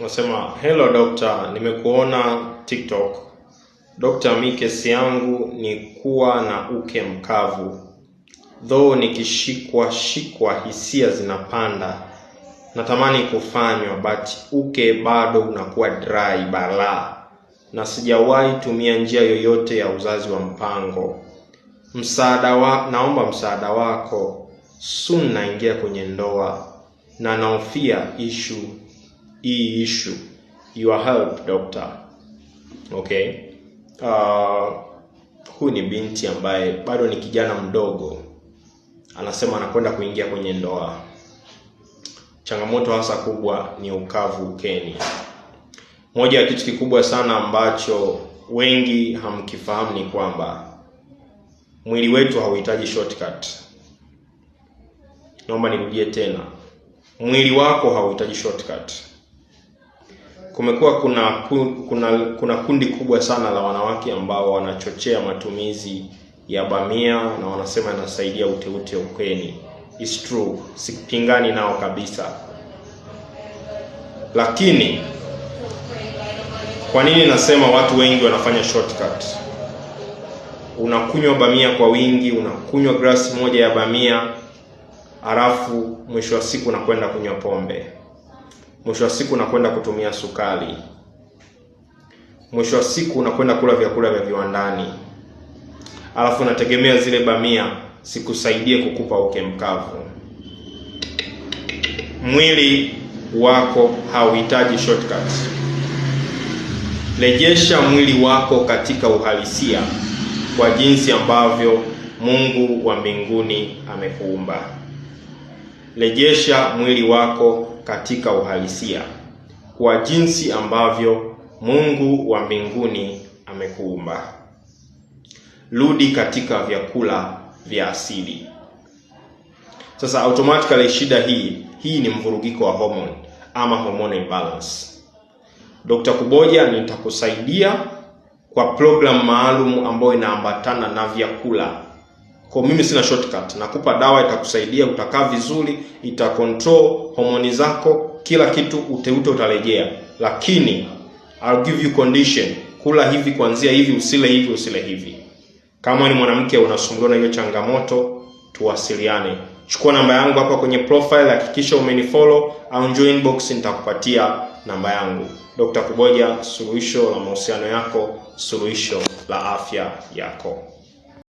unasema hello doctor, nimekuona TikTok. Doctor, mi kesi yangu ni kuwa na uke mkavu, though nikishikwa shikwa hisia zinapanda, natamani kufanywa but uke bado unakuwa dry bala, na sijawahi tumia njia yoyote ya uzazi wa mpango. Msaada wa, naomba msaada wako. Soon naingia kwenye ndoa na naofia ishu hii issue your help doctor. Okay, uh, huyu ni binti ambaye bado ni kijana mdogo, anasema anakwenda kuingia kwenye ndoa. Changamoto hasa kubwa ni ukavu ukeni. Moja ya kitu kikubwa sana ambacho wengi hamkifahamu ni kwamba mwili wetu hauhitaji shortcut. Naomba nirudie tena, mwili wako hauhitaji shortcut kumekuwa kuna, kuna kuna kundi kubwa sana la wanawake ambao wanachochea matumizi ya bamia na wanasema inasaidia uteute ukweni. It's true, sipingani nao kabisa, lakini kwa nini nasema watu wengi wanafanya shortcut? Unakunywa bamia kwa wingi, unakunywa glasi moja ya bamia, halafu mwisho wa siku unakwenda kunywa pombe mwisho wa siku unakwenda kutumia sukari, mwisho wa siku unakwenda kula vyakula vya viwandani, alafu unategemea zile bamia sikusaidie kukupa uke mkavu. Mwili wako hauhitaji shortcuts. Rejesha mwili wako katika uhalisia kwa jinsi ambavyo Mungu wa mbinguni amekuumba. Rejesha mwili wako katika uhalisia kwa jinsi ambavyo Mungu wa mbinguni amekuumba. Rudi katika vyakula vya asili. Sasa automatically shida hii hii ni mvurugiko wa hormone ama hormone imbalance. Dr. Kuboja nitakusaidia kwa program maalum ambayo inaambatana na vyakula kwa mimi sina shortcut, nakupa dawa itakusaidia, utakaa vizuri, itakontrol homoni zako, kila kitu, uteute utarejea, lakini I'll give you condition, kula hivi kuanzia hivi, usile hivi, usile hivi. Kama ni mwanamke unasumbuliwa na hiyo changamoto, tuwasiliane. Chukua namba yangu hapa kwenye profile, hakikisha umenifollow au join box, nitakupatia namba yangu. Dr. Kuboja, suluhisho la mahusiano yako, suluhisho la afya yako.